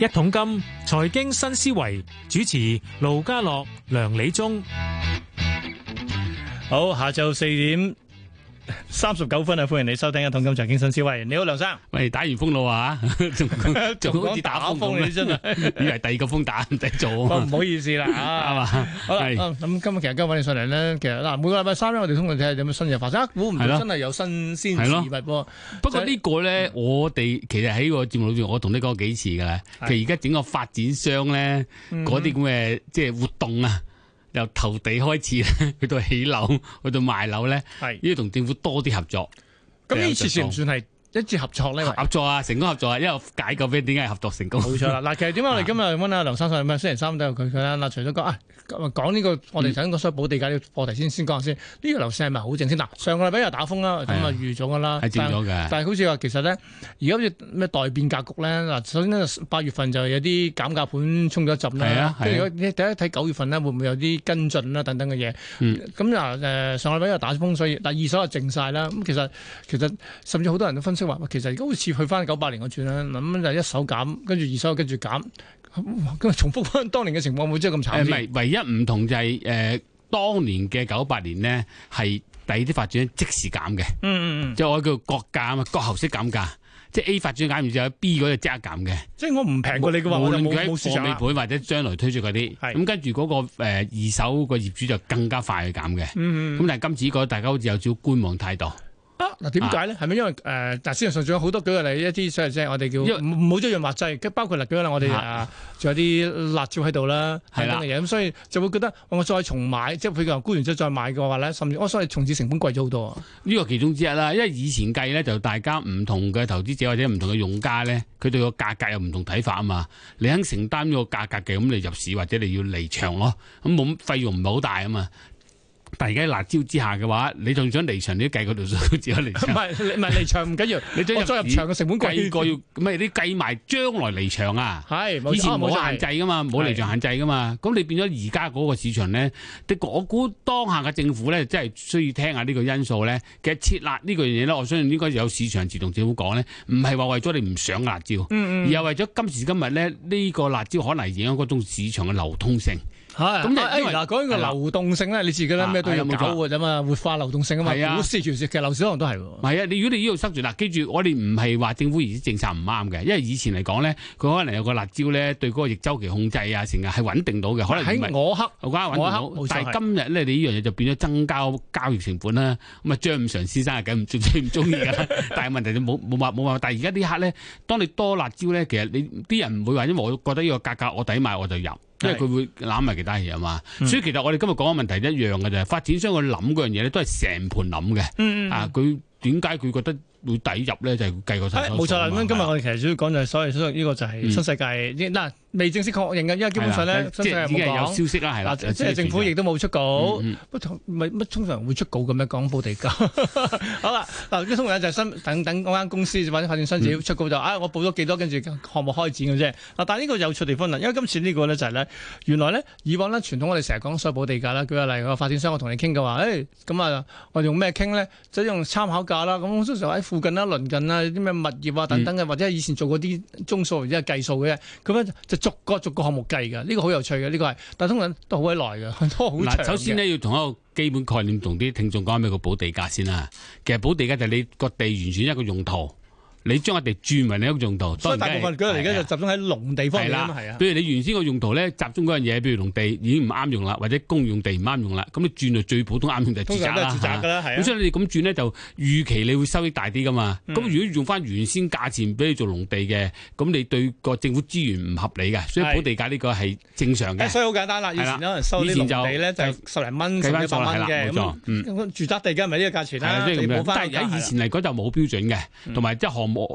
一桶金財經新思維，主持盧家樂、梁理中，好，下晝四點，三十九分啊！歡迎你收聽《一桶金財經新思維》。你好，梁生。喂，打完風路啊，仲好似打風咁，真係以為第二個風打唔抵做。唔 好意思啦，吓係嘛。好啦吧，咁今日其實今日揾你上嚟咧，其實嗱，每個禮拜三咧，我哋通常睇下有冇新嘢發生，估唔到真係有新鮮事物。不過呢個咧，我哋其實喺呢個節目裏邊，我同你講幾次噶啦。其實而家整個發展商咧，嗰啲咁嘅即係活動啊。由投地開始咧，去到起樓，去到賣樓咧，係要同政府多啲合作。咁呢次算唔算係？一注合作咧，合作啊，成功合作啊，因為解救俾點解合作成功？冇錯啦。嗱，其實點解我哋今日問下梁生上，咩是、啊？星期三對佢佢啦，嗱，除咗講啊，講呢、這個我哋頭先講想補地價呢個課題先先講下先。呢、這個樓市係咪好正先？嗱、啊，上個禮拜又打風啦，咁啊預咗噶啦，係靜咗嘅。但係好似話其實咧，而家好似咩代變格局咧嗱，首先八月份就有啲減價盤衝咗浸啦，如果你第一睇九月份咧會唔會有啲跟進啦等等嘅嘢。咁嗱誒，啊啊啊嗯、上個禮拜又打風，所以但係二手又靜晒啦。咁其實其實甚至好多人都分析。其實而家好似去翻九八年嗰轉啦，咁就一手減，跟住二手跟住減，咁重複翻當年嘅情況，會真會係咁慘？唔係，唯一唔同就係、是、誒、呃，當年嘅九八年呢，係第二啲發展即時減嘅，嗯即係我叫割價啊嘛，割喉式減價，即係 A 發展減完之後，B 嗰個即刻減嘅，即係我唔平過你嘅話，無論喺貨尾盤或者將來推出嗰啲，咁、嗯嗯嗯、跟住嗰、那個誒、呃、二手個業主就更加快去減嘅，咁、嗯嗯嗯、但係今次覺得大家好似有少觀望態度。嗱，點解咧？係咪、啊、因為誒？但、呃、市場上仲有好多舉例，一啲所謂即係我哋叫冇咗潤滑劑，啊、包括辣招我哋啊，仲有啲辣招喺度啦，係啦，咁所以就會覺得我再重買，即係譬如話沽完再再買嘅話咧，甚至我所謂重置成本貴咗好多。呢個其中之一啦，因為以前計咧，就大家唔同嘅投資者或者唔同嘅用家咧，佢對個價格，格有唔同睇法啊嘛。你肯承擔呢個價格嘅咁你入市，或者你要離場咯，咁冇費用唔係好大啊嘛。但係而家辣椒之下嘅話，你仲想離場？你都計條數，只有離場。唔係唔係離場唔緊 要， 你將入 再入。我再入場嘅成本貴。計過要係你計埋將來離場啊？係是以前冇限制噶嘛，冇離場限制噶嘛。咁是你變咗而家嗰個市場咧，的確我估當下嘅政府咧，真係需要聽下呢個因素咧。其實切辣呢個樣嘢咧，我相信應該有市場自動政府講咧，唔係話為咗你唔想辣椒，嗯嗯而係為咗今時今日咧呢、呢個辣椒可能影響嗰種市場嘅流通性。咁，誒嗱，講呢個流動性咧，你自己咧咩都有冇搞嘅啫嘛，活化流動性啊嘛，冇事全事，其實樓市可能都係。係啊，你如果你呢度塞住，嗱，記住我哋唔係話政府而家政策唔啱嘅，因為以前嚟講咧，佢可能有個辣椒咧，對嗰個逆周期控制啊，成日係穩定到嘅。可喺我黑，我講但係今日咧，你呢樣嘢就變咗增加交易成本啦。咁啊，張五常先生係幾唔唔中意噶啦。但係問題你冇冇話冇話，但係而家啲客咧，當你多辣椒咧，其實你啲人唔會話，因為我覺得呢個價格我抵買我就入。是因為佢會攬埋其他嘢啊嘛，嗯、所以其實我哋今日講嘅問題一樣嘅啫。就係、發展商去諗嗰樣嘢咧，都係成盤諗嘅。啊，佢點解佢覺得？會抵入咧就係、是、計個差冇錯啦，咁今日我哋其實主要講就係、是、所謂呢個就係新世界，嗱未吧正式確認嘅，因為基本上咧，的新世界唔講消息啦，係即係政府亦都冇出稿，唔乜、嗯嗯、通常會出稿咁樣講補地價。 好啦，嗱，通常就係等等嗰間公司或者發展商自己出稿就啊、嗯哎，我報咗幾多，跟住項目開展嘅啫。嗱，但係呢個有錯地方啦，因為今次呢個咧就係、是、咧，原來咧以往咧傳統我哋成日講所有補地價啦，舉個例個發展商我同你傾嘅話，誒咁啊，我用咩傾咧？就是、用參考價啦，咁通常附近啦、啊，鄰近啦，啲咩物業啊等等嘅，或者以前做過啲宗數或者係計數嘅，咁咧、嗯、就逐個逐個項目計嘅，呢、呢個好有趣嘅，呢、呢個係，但通常都好鬼耐嘅，都好長嘅。嗱，首先呢，要同一個基本概念同啲聽眾講咩叫補地價先啦。其實補地價就係你個地完全一個用途。你將我哋轉為另一個用途，所以大部分佢而家就集中喺農地方。係啦，係啊。比如你原先個用途咧，集中嗰樣嘢，比如農地已經唔啱用啦，或者公用地唔啱用啦，咁你轉到最普通啱用就住宅啦。咁所以你哋咁轉咧，就預期你會收益大啲噶嘛。咁如果用翻原先價錢俾你做農地嘅，咁你對個政府資源唔合理嘅，所以補地價呢個係正常嘅。所以好簡單啦，以前可能收啲農地咧，就十零蚊十零蚊。住宅地嘅係咪呢個價錢啦，你補翻。但係喺以前嚟講就冇標準嘅，同埋即係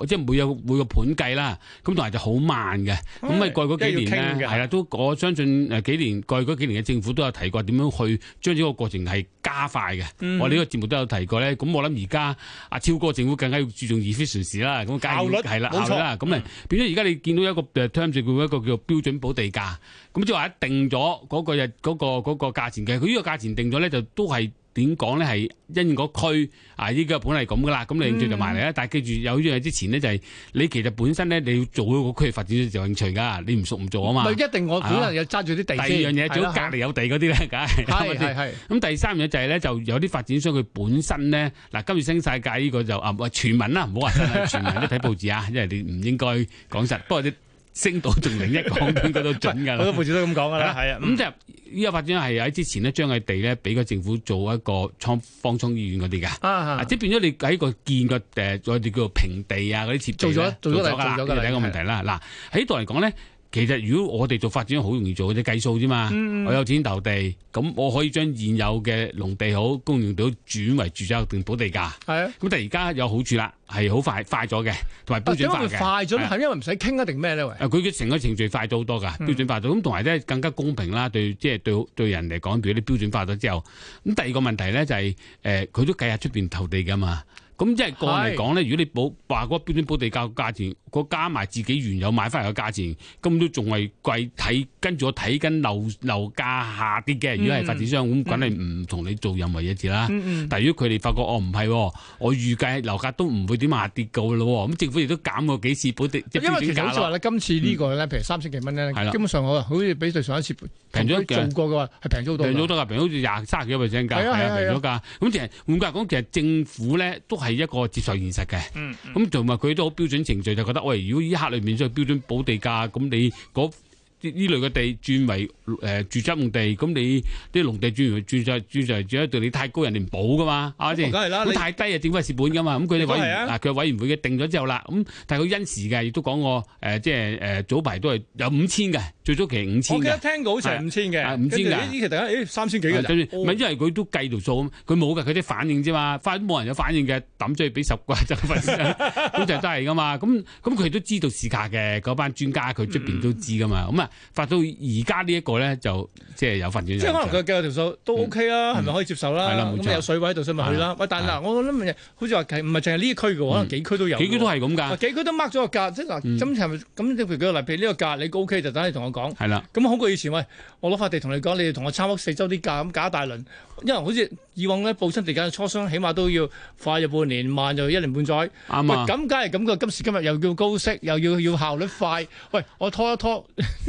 即係每有每個盤計啦，咁同埋就好慢嘅，咁啊的過嗰幾年呢？係啦，都我相信誒幾年過嗰幾年嘅政府都有提過點樣去將呢個過程係加快嘅。嗯、我哋呢個節目都有提過咧。咁我諗而家阿超哥政府更加要注重 efficiency 啦，咁加效率係啦，冇的錯啦。咁啊，變咗而家你見到一個誒，term 佢一個叫做標準補地價，咁即係話一定咗嗰個日嗰、嗰個嗰、嗰個價錢嘅，佢呢個價錢定咗咧就都係。點講咧係因個區啊，依家本嚟咁噶啦，咁你應著就埋嚟啦。但係記住有呢樣嘢之前咧，就係你其實本身咧，你要做嗰個區域發展商才興趣噶，你唔熟唔做啊嘛。唔係一定我可能又揸住啲地。第二樣嘢，如果隔籬有地嗰啲咧，梗係係係。咁第三樣嘢就係咧，就有啲發展商佢本身咧，嗱今次新世界呢個就啊喂全民啦，唔好話全民，都睇報紙啊，因為你唔應該講實。不過你。升到仲另一港元 都嗰度準㗎啦，好多報都咁講㗎啦。係啊，咁就依個發展係喺之前呢將佢地咧俾個政府做一個方艙醫院嗰啲㗎。即係、啊啊、變咗你喺個建個誒、呃，我哋叫做平地啊嗰啲設置，做咗做咗第一個問題啦，嗱喺度嚟講咧。啊其實如果我哋做發展好容易做，只計數啫嘛。嗯嗯，我有錢投地，咁我可以將現有嘅農地好、工業地好轉為住宅定土地價。係啊，咁但係而家有好處啦，係好快快咗嘅，同埋標準化、啊、快咗，係、啊、因為唔使傾一定咩咧？佢嘅成個程序快咗好多㗎，標準化咗。咁同埋咧更加公平啦，對即係、就是、對對人嚟講，變咗啲標準化咗之後。咁第二個問題咧就係、是、誒，佢、呃、都計下出邊投地㗎嘛。咁即係過嚟講咧，如果你保話嗰個標準補地價個價錢，個加埋自己原有買翻嚟個價錢，咁都仲係貴。睇跟住我睇緊樓樓價下跌嘅，如果係發展商，咁梗係唔同你做任何嘢住啦。嗯嗯、但如果佢哋發覺哦唔係、哦，我預計樓價都唔會點下跌噶咯。咁政府亦都減過幾次補地，因為其實即係話咧，今次個呢個咧，譬如三千幾蚊咧，嗯、基本上我好似比對上一次平咗做過嘅喎，係平咗多。平咗多，多啊，平好似廿三十幾蚊 percent 價平咗價。咁其實換句話講，其實政府咧都係。係一個接受現實嘅，咁同埋佢都好標準程序，就覺得喂，如果依一刻裏面即係標準補地價，咁你嗰、那個。呢類嘅地轉為誒住宅用地，咁你啲農地轉完，轉就轉就轉喺度，你太高人哋唔補噶嘛，係咪係太低又點解蝕本噶嘛？咁佢哋委，佢委員會嘅定咗之後啦，咁但係佢因時嘅，亦都講過，誒即係誒早排都係有五千嘅，最早、啊、期五千嘅。聽到好似係五千嘅，五千嘅。呢期突然間，誒三千幾嘅。唔係、哎 oh. 因為佢都計到數，佢冇噶，佢啲反應啫嘛，翻冇人有反應嘅，抌咗去俾十個 就份，咁就都係噶嘛。咁咁佢都知道市價嘅，嗰班專家佢出邊都知噶嘛。咁啊。發到而家呢一個咧，就即係有份轉讓。即係可能佢計個條數都 O K 啦，係咪可以接受啦？咁有水位喺度，所以咪去啦。喂，但嗱，我都諗，好似話唔係淨係呢區噶？可能幾區都有。幾區都係咁噶。幾區都 mark 咗個價，即係嗱，咁係咪咁？即譬如佢個例，譬如呢個價你個 O K，就等你同我講。係啦。咁好過以前喂，我攞塊地同你講，你哋同我參屋四周啲價，咁搞一大輪。因為好似以往咧，報親地價磋商起碼都要快咗半年，慢就一年半載。啱啊。咁梗係咁噶，今時今日又要高息，又要要效率快。喂，我拖一拖。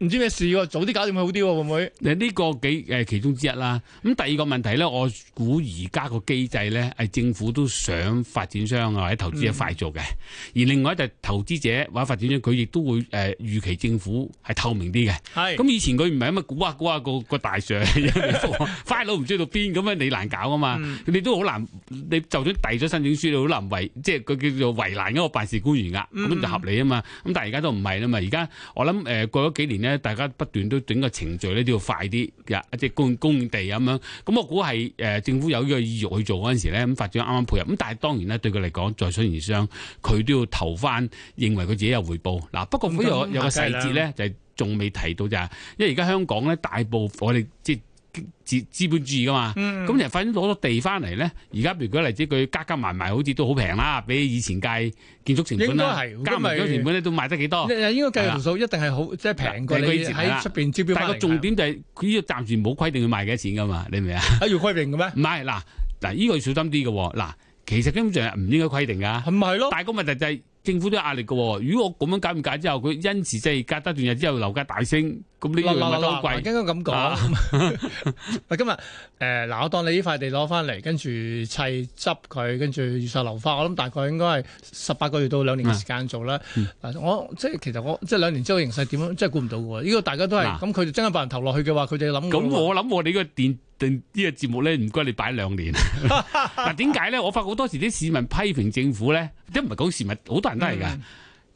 唔知咩事、啊，早啲搞掂好啲、啊，會唔會，呢個幾誒其中之一啦。咁第二個問題咧，我估而家個機制咧，係政府都想發展商啊，或者投資者快做嘅。嗯、而另外就係、投資者或者發展商，佢亦都會誒預期政府係透明啲嘅。咁是以前佢唔係咁啊，估啊估啊，個個大 Sir，花佬唔知去到邊，咁樣你難搞啊嘛。嗯、你都好難，你就算遞咗申請書，你好難為，即係佢叫做為難一個辦事官員噶。咁就合理啊嘛。咁但係而家都唔係啦嘛。而家我諗誒過咗幾年。大家不斷都整個程序咧，都要快啲，嘅即係公、公地咁樣，咁我估係誒政府有呢個意欲去做嗰陣時咧，咁發展啱啱配合，咁但係當然咧對佢嚟講，在商言商，佢都要投翻，認為佢自己有回報。嗱，不過如果、嗯、有、嗯、有個細節咧，就係仲未提到就係，因為而家香港咧大部分我哋即資資本主義噶嘛，咁人反正攞咗地翻嚟咧，而家譬如舉個例子，佢加加埋埋好似都好平啦，比以前計建築成本啦，加唔少成本咧都賣得幾多，應該計個條數一定係好即係平過喺出邊招標翻嚟。就是、但係個重點就係、是、呢、呢個暫時冇規定要賣幾多錢噶嘛，你明唔明啊？要規定嘅咩？唔係，嗱嗱，呢個要小心啲嘅嗱，其實根本上係唔應該規定噶。咁咪係咯？但係個問題就係政府都有壓力噶。如果我咁樣解唔解之後，佢因此即係隔多段日之後樓價大升。嗱嗱嗱，唔應該咁講。今日誒嗱，我當你呢塊地攞翻嚟，跟住砌執佢，跟住預售樓花，我諗大概應該係十八個月到兩年嘅時間做啦。嗱、嗯，嗯、我即係其實我即係兩年之後形勢點樣，即係估唔到嘅喎。呢、這個大家都係咁，佢真係俾人投落去嘅話，佢就諗。咁、啊、我諗我哋個電電、這個、呢個節目咧，唔該你擺兩年。嗱點解咧？我發覺好多時啲市民批評政府咧，都唔係講市民，好多人都係㗎。嗯嗯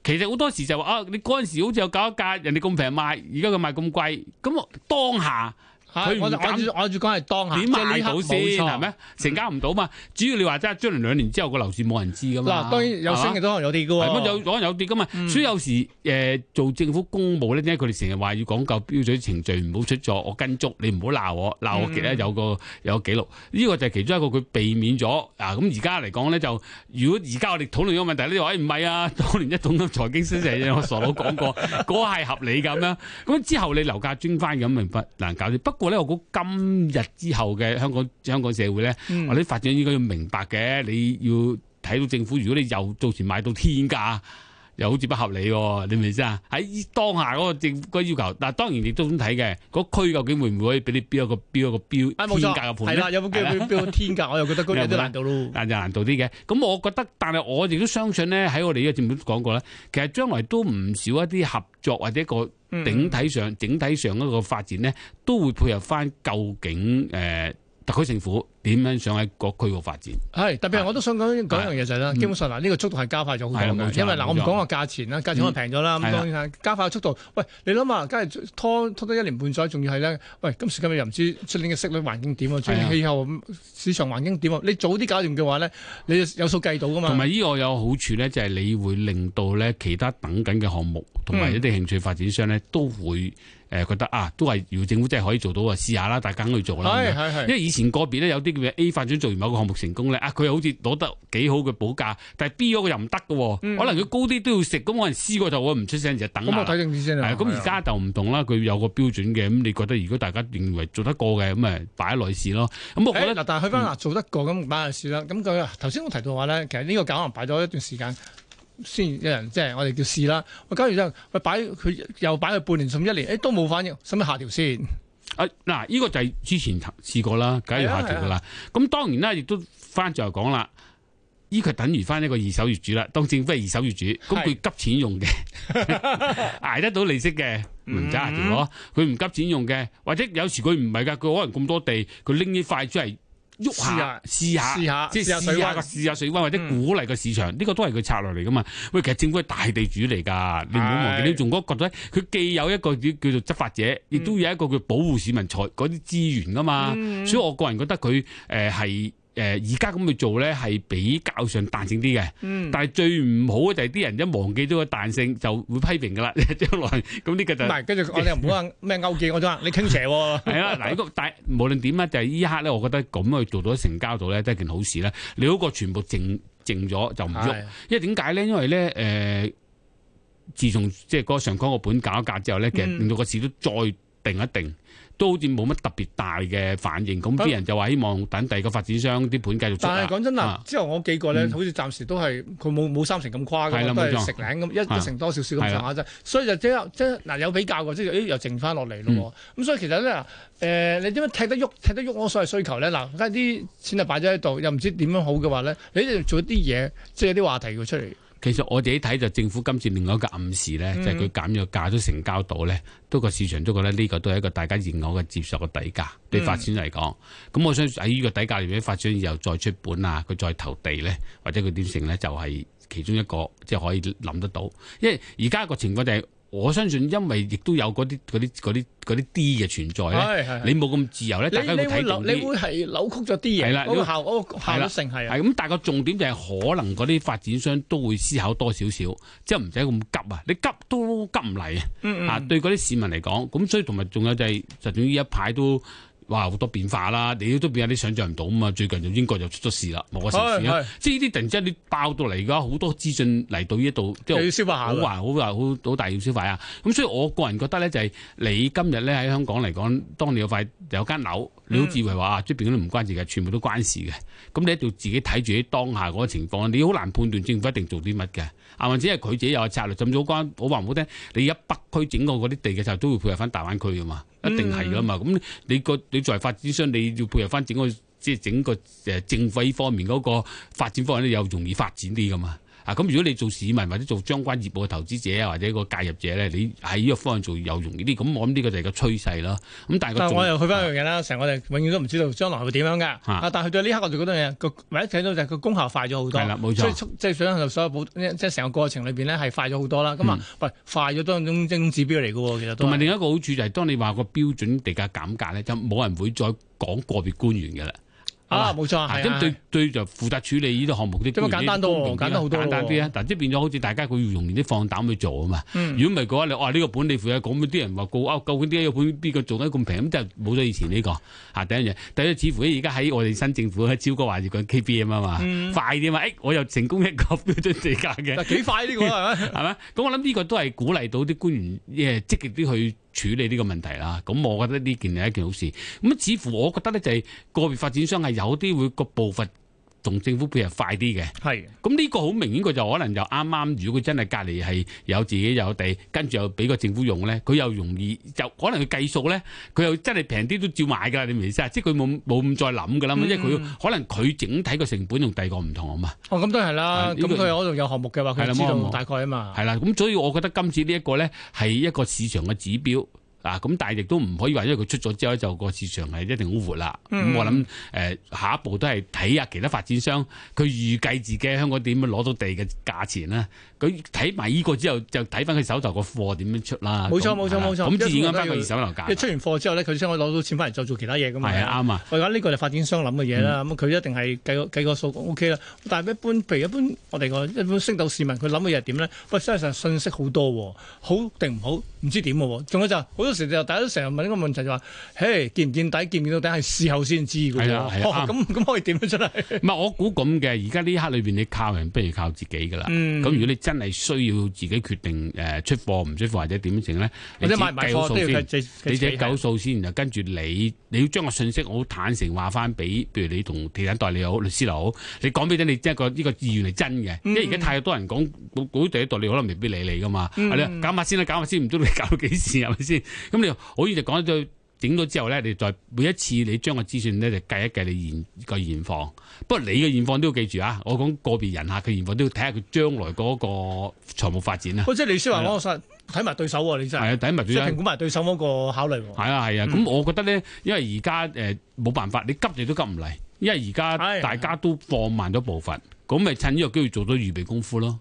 其實好多時就話啊，你嗰陣時好似有搞一價，人哋咁平賣，而家佢賣咁貴，咁啊當下。佢唔我住講係當下即係呢刻，冇錯，係咩成交唔到嘛？嗯、主要你話即係將來兩年之後個樓市冇人知噶嘛？嗱，當然有升嘅，都有跌噶喎，係咪有有，有跌噶嘛？嗯、所以有時誒、呃、做政府公務咧，點解佢哋成日話要講究標準程序，唔好出錯？我跟足，你唔好鬧我，鬧我其實有個、嗯、有記錄。呢、這個就係其中一個佢避免咗啊。咁而家嚟講咧，就如果而家我哋討論咗個問題咧，話唔係啊，當年一統財經先生我傻佬講過，嗰係 合理咁樣？咁之後你樓價轉翻咁，明白？難搞啲。不過咧，我估今日之後嘅香港香港社會咧，或者發展應該要明白嘅，你要睇到政府，如果你又做前買到天價。又好似不合理喎、啊，你明唔明意思啊？喺當下嗰個政府嗰要求，嗱當然亦都咁睇嘅。嗰區究竟會唔會可以俾你標一個標一個標天價嘅盤啦，有冇機會標個天價？ 我又覺得嗰有啲難度咯。難就難度啲嘅。咁我覺得，但係我亦都相信咧，喺我哋呢個節目都講過啦。其實將來都唔少一啲合作或者一個頂體上、嗯、整體上一個發展咧，都會配合翻。究竟誒？呃特區政府點樣想喺各區度發展？係特別係我都想講講一樣嘢就係、是、啦，是基本上嗱呢、嗯、個速度係加快咗好多，因為嗱錯我唔講個價錢啦，嗯、價錢可能平咗啦，咁當然加快速度。喂，你諗下，梗係拖拖多一年半載，仲要係咧？喂，今時今日又唔知出年嘅息率環境點啊，出年氣候市場環境點啊的？你早啲搞掂嘅話咧，你就有數計到㗎嘛？同埋依個有好處咧，就係、是、你會令到咧其他等緊嘅項目同埋一啲興趣發展商咧都會。誒覺得啊，都係如果政府真係可以做到啊，試下啦，大家咁去做啦。因為以前個別咧有啲叫 A 發展做完某個項目成功咧，啊佢又好似攞得幾好嘅補價，但係 B 嗰個又唔得嘅喎，可能佢高啲都要食，咁可能 C 嗰就唔出聲，就等啦。咁我睇先。咁而家就唔同啦，佢有個標準嘅，咁的你覺得如果大家認為做得過嘅，咁誒擺落去試咯。咁我覺得但係去翻嗱做得過咁擺落去試啦。咁佢頭先我提到話咧，其實呢個搞可能擺咗一段時間。先有人即係我哋叫試啦。喂，假如之後，喂擺佢又擺佢半年、甚至一年，誒、欸、都冇反應，使唔使下調先？啊，嗱，呢個就係之前試過啦，梗係要下調㗎啦。咁、啊啊、當然啦，亦都翻在講啦。呢個等於翻一個二手業主啦，當政府係二手業主，咁佢急錢用嘅，是 捱得到利息嘅，唔揸住咯。佢唔、嗯、急錢用嘅，或者有時佢唔係㗎，佢可能咁多地，佢拎啲塊出嚟。喐下試下，試下，試下即係試下水個試下水溫，或者鼓勵個市場，呢個都係佢策略嚟噶嘛。喂，其實政府係大地主嚟噶，你唔好忘記，你仲覺得佢既有一個叫做執法者，亦都有一個叫保護市民財嗰啲資源噶嘛。嗯、所以我個人覺得佢誒係。誒，而家咁去做咧，係比較上彈性啲嘅。嗯、但係最唔好嘅就係啲人一忘記咗個彈性，就會批評噶啦。將來咁呢個就唔係，跟住、嗯、 我哋唔好話咩勾結，我講你傾斜。係啊，嗱、 嗯，但無論點啊，就係依一刻咧，我覺得咁去做到成交度咧，都係件好事啦。你嗰個全部靜靜咗就唔喐，因為點解咧？因為咧，誒，自從即係嗰上開個本搞一價之後咧，其實令到個市都再。定一定，都好似冇乜特別大嘅反應，咁啲但人就話希望等第二個發展商啲盤繼續出。但係講真啦，啊、之後我幾個咧，嗯、好似暫時都係佢冇冇三成咁誇張，嗯、都係食領咁一一成多少少咁上下啫。所以就即刻，即係嗱有比較過，即係又剩翻落嚟咯。咁、嗯、所以其實咧誒、呃，你點樣踢得喐踢得喐我所謂需求咧？嗱，而家啲錢就擺咗喺度，又唔知點樣好嘅話咧，你一定要做一啲嘢即係有啲話題要出嚟。其實我哋一睇就政府今次另外一個暗示咧，嗯、就係佢減咗價都成交到咧，都個市場都覺得呢個都係一個大家認可嘅接受嘅底價。嗯、對發展嚟講，咁我想喺呢個底價入面發展以後再出本啊，佢再投地咧，或者佢點成咧，就係、是、其中一個即係、就是、可以諗得到。因為而家個情況就係、是。我相信，因為亦都有嗰啲啲啲啲啲嘅存在咧，係係係你冇咁自由咧，大家睇到你，你會係扭曲咗啲嘢，係啦的，效效效成係啊，咁但係個重點就係可能嗰啲發展商都會思考多少少，即係唔使咁急啊！你急都急唔嚟啊！嗯嗯啊，對嗰啲市民嚟講，咁所以同埋仲有就係、是，實總呢一排都。哇！好多變化啦，你都變下啲想像唔到啊嘛！最近就英國就出咗事啦，冇個城市啊！係係即係呢啲突然之間你爆到嚟，而家好多資訊嚟到呢度，即消化好話好好好大要消化啊！咁、嗯、所以我個人覺得咧，就係、是、你今日咧喺香港嚟講，當你有塊有間樓，你好自以為話出邊嗰啲唔關事嘅，全部都關事嘅。咁、嗯、你喺度自己睇住喺當下嗰個情況，你好難判斷政府一定做啲乜嘅啊！或者係佢自己有策略，甚至有關好話唔好聽，你一北區整個嗰啲地嘅時候，都會配合翻大灣區啊嘛。一定係噶嘛，咁你個你作為發展商，你要配合翻整個即係整個誒政府方面嗰個發展方向咧，又容易發展啲噶嘛。啊，咁如果你做市民或者做相關業務嘅投資者啊，或者個介入者咧，你喺呢個方向做又容易啲，咁我諗呢個就係個趨勢咯。咁但係我又去翻一樣嘢啦，成日我哋永遠都唔知道將來係會點樣噶。是但係去到呢刻我就覺得嘢個，唯一睇到就個功效快咗好多。係啦，冇錯。即係促，即所有保，即係成個過程裏邊咧係快咗好多啦。咁啊、嗯，唔係快咗多種指標嚟嘅喎，其實都。同埋另一個好處就係、是，當你話個標準地價減價咧，就冇人會再講個別官員嘅啦。啊，冇錯，係咁、啊、對對就負責處理呢啲項目啲咁樣簡單多喎，簡單好多喎。簡單啲啊，嗱即係變咗好似大家佢要容易啲放膽去做啊嘛。如果唔係嘅話，你話呢個補地價啊，咁啲人話高啊，究竟呢個本邊個做得咁平咁？即係冇咗以前呢、呢個啊第一樣第一，第一第一第二似乎而家喺我哋新政府喺超哥話要講 KBM 啊嘛，嗯、快啲嘛，誒、欸、我又成功一個標準地價嘅。嗱幾快呢 個係咪？咁我諗呢個都係鼓勵到啲官員誒積極啲去。處理呢個問題啦，咁我覺得呢件係一件好事。咁似乎我覺得咧，就係個別發展商係有啲會個步伐。同政府配合快啲嘅，係咁呢個好明顯，佢就可能就啱啱。如果佢真係隔離係有自己有地，跟住又俾個政府用咧，佢又容易就可能佢計數咧，佢又真係平啲都照買㗎喇。你明唔明意思？啊？即係佢冇冇咁再諗㗎啦，因為佢可能佢整體個成本同第二個唔同啊嘛。哦，咁都係啦。咁佢喺嗰度有項目嘅話，佢知道大概啊嘛。係啦，咁所以我覺得今次呢一個咧係一個市場嘅指標。啊，咁但係亦都唔可以話，因為佢出咗之後就個市場係一定好活啦。咁、嗯、我諗誒、呃、下一步都係睇下其他發展商佢預計自己香港點樣攞到地嘅價錢啦。佢睇埋呢個之後就睇翻佢手頭個貨點錯樣出錯啦。冇錯冇錯冇錯。咁自然講翻個手頭價。一出完貨之後咧，佢先可以攞到錢翻嚟再做其他嘢。咁係啊啱啊。我講呢個就發展商諗嘅嘢啦。咁佢、嗯、一定係計,計個計個數 OK 啦。但係一般譬如一般我哋個一般升斗市民佢諗嘅嘢係點咧？喂，真係信息好多喎，好定唔好唔知點喎。仲有就係成日大家成日問呢個問題就話：嘿，見唔見底？見唔見到底？係事後先知㗎喎。咁咁、哦嗯、可以點樣出嚟？唔係、嗯、我估咁嘅。而家呢一刻裏邊，你靠人不如靠自己㗎啦。咁、嗯、如果你真係需要自己決定誒出貨唔出貨或者點樣整咧，你者計計數先，你計好數先，然後跟住你，你要將個信息好坦誠話翻俾，譬如你同地產代理好、律師樓好，你講俾啲你即、這、係個呢、這個意願係真嘅。嗯、因為而家太多人講，估第一代理，代理可能未必理你㗎嘛。係、嗯啊、你搞下先啦，搞下先，唔知道你搞到幾時係咪先？咁你可以就講咗整咗之後咧，你再每一次你將個資訊咧就計一計你現個現況，不過你嘅現況都要記住啊！我講個別人下嘅現況都要睇下佢將來嗰個財務發展啊！即係你先話我實睇埋對手喎，啊，你真係係啊，睇埋對手，估埋對手嗰個考慮喎。係啊係啊，咁、嗯、我覺得咧，因為而家誒冇辦法，你急住都急唔嚟，因為而家大家都放慢咗步伐，咁咪的趁呢個機會做到預備功夫咯。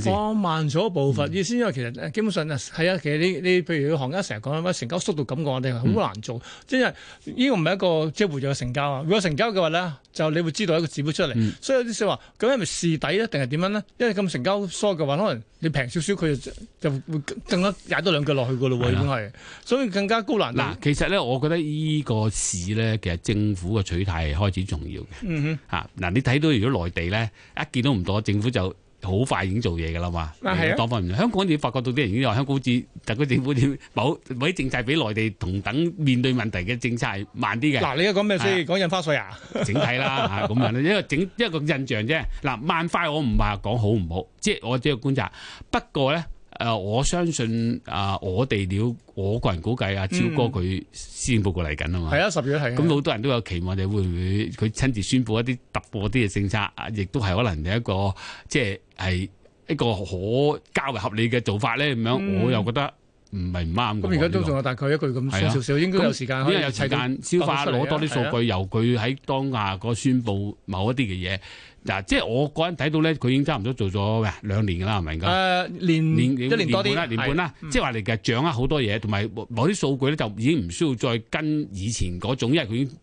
放慢咗步伐，意思因為其實基本上係啊，其實你你譬如行家成日講乜成交速度咁個，我哋好難做，即係呢個唔係一個即係活躍成交啊。如果成交嘅話咧，就你會知道一個指標出嚟，所以有啲說話咁係咪市底咧，定係點樣咧？因為咁成交疏嘅話，可能你平少少，佢就會更加踩多兩腳落去噶咯喎，已經係，所以更加高難。嗱，其實咧，我覺得呢個市咧，其實政府嘅取態係開始重要嘅。吓嗱，你睇到如果內地咧一見到唔到政府就。好快已經做嘢嘅啦嘛，啊、是多方唔 香港你發覺到啲人已經話香港自特區政府點冇啲政策比內地同等面對問題嘅政策慢啲嘅。嗱、啊，你而家講咩先？講印花稅啊？啊整體啦嚇咁、 啊、樣，因為整一個印象啫。嗱，慢快我唔話講好唔好，即係我只係觀察。不過咧。誒、呃，我相信啊，我哋了，我個人估計啊，超哥佢先報過嚟緊啊嘛。係啊、嗯，十月係。咁好多人都有期望，你會唔會佢親自宣佈一啲突破啲嘅政策啊？亦都係可能一個即係係一個可較為合理嘅做法咧。咁樣、嗯、我又覺得唔係唔啱。咁而家都仲有大概一個月咁少，少少，啊、應該有時間，因為、嗯、有，有時間消化攞多啲數據，由佢喺當下個宣佈某一啲嘅嘢。嗱，即係我個人睇到咧，佢已經差唔多做咗兩年啦，係咪咁？年年半啦，年半啦，即係話嚟嘅，掌握好多嘢，同埋某啲數據咧就已經唔需要再跟以前嗰種，因為佢已經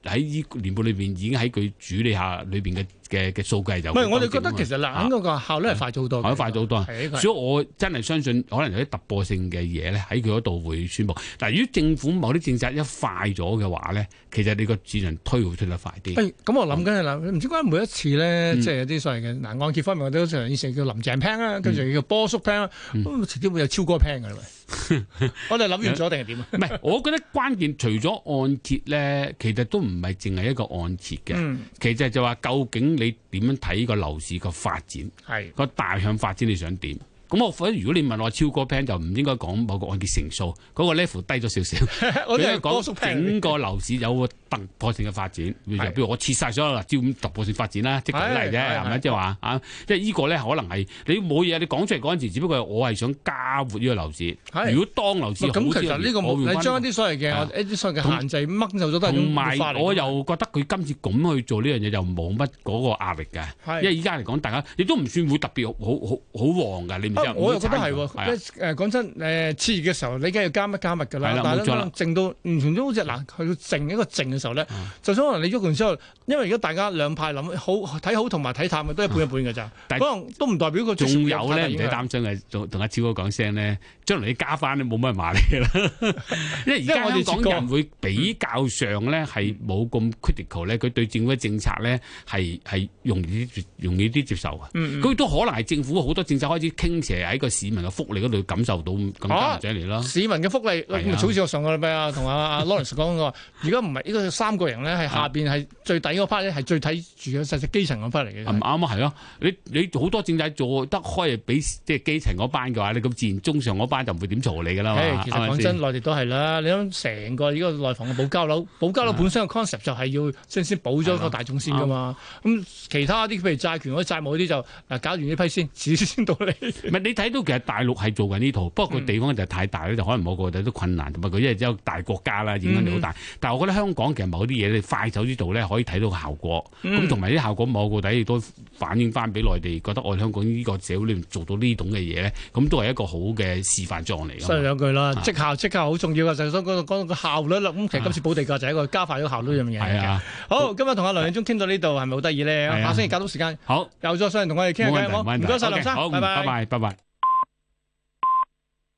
喺呢年半裏邊已經喺佢處理下裏邊嘅嘅嘅數據就係，我哋覺得其實啦，咁個效率係快咗好多，係快咗好多。所以我真係相信，可能有啲突破性嘅嘢咧喺佢嗰度會宣布。但係，如果政府某啲政策一快咗嘅話咧，其實你個市場推會推得快啲。咁我諗緊啦，唔知點解每一次咧？ 即係有啲所謂嘅嗱，按揭方面我都成以前叫林鄭 Plan 啊，跟住叫波叔 Plan 啊、嗯，遲啲會有超哥 Plan 噶啦。 我哋諗完咗定係點啊？唔係， 我覺得關鍵除咗按揭咧，其實都唔係淨係一個按揭嘅，嗯、其實就話究竟你點樣睇個樓市嘅發展，係個是大向發展你想點？咁我或者如果你問我超哥 Plan 就唔應該講某個按揭成數，嗰、那個 level 低咗少少，應該講整個樓市有。突破性嘅發展，又比如我切晒所有嗱，朝咁突破性發展啦，即係舉例啫，係咪即係話啊？即係呢個咧，可能係你冇嘢，你講出嚟嗰陣時，只不過我係想加活呢個樓市。如果當樓市咁其實呢個你將一啲所謂嘅一啲所謂嘅限制，掹走咗都係一種變化嚟。同埋我又覺得佢今次咁去做呢樣嘢，又冇乜嗰個壓力嘅，因為依家嚟講，大家亦都唔算會特別好好好旺㗎，你唔知。我又覺得係喎，講真誒，熾熱嘅時候，你梗係要加乜加密㗎啦，可能淨到唔同都好似嗱，佢淨一個淨。啊、就咧，可能你喐完之後，因為而家大家兩派諗好睇好同埋睇淡都係一半一半嘅咋，啊、但可能都唔代表個。仲有咧，唔使擔心嘅。同同阿超哥講聲咧，將來你加翻都冇乜人罵你啦。 因為而現家我哋講人會比較上咧係冇咁 critical 咧，佢對政府嘅政策咧係係容易啲容易啲接受啊。佢、嗯嗯、都可能係政府好多政策開始傾斜喺個市民嘅福利嗰度感受到咁多者嚟啦。市民嘅福利，我早前我上個禮拜啊同阿 Lawrence 講過，如果唔係呢個。三個人咧係下邊係最底嗰 part 咧係最睇住嘅，實際基層嗰 part 嚟嘅。啱啱係咯，你你好多政制做得開，係俾即係基層嗰班嘅話，你咁自然中上嗰班就唔會點嘈你噶啦。其實，講真，內地都係啦。你諗成個呢個內房嘅保交樓，保交樓本身嘅 concept 就係要先先保咗個大眾先㗎嘛。咁其他啲譬如債權嗰啲債務嗰啲就搞完呢批先，先先到你。唔係你睇到其實大陸係做緊呢套，不過個地方就太大、嗯、就可能我覺得都困難，同埋佢因為只有大國家啦，影響力好大。嗯、但係我覺得香港。其實某啲嘢你快手啲度咧，可以睇到效果。咁同埋啲效果冇個底，亦都反映翻俾內地，覺得我香港呢個社會裏邊做到呢種嘅嘢咧，咁都係一個好嘅示範狀嚟。收兩句啦，績效績效好重要啊！就係想講到講個效率啦。咁其實今次補地價就係一個加快咗效率一樣嘢嚟嘅。好，今日同阿梁理中傾到呢度，係咪好得意呢？下星期交到時間好，又再上嚟同我哋傾，好唔該晒，梁生，好，拜拜，拜拜。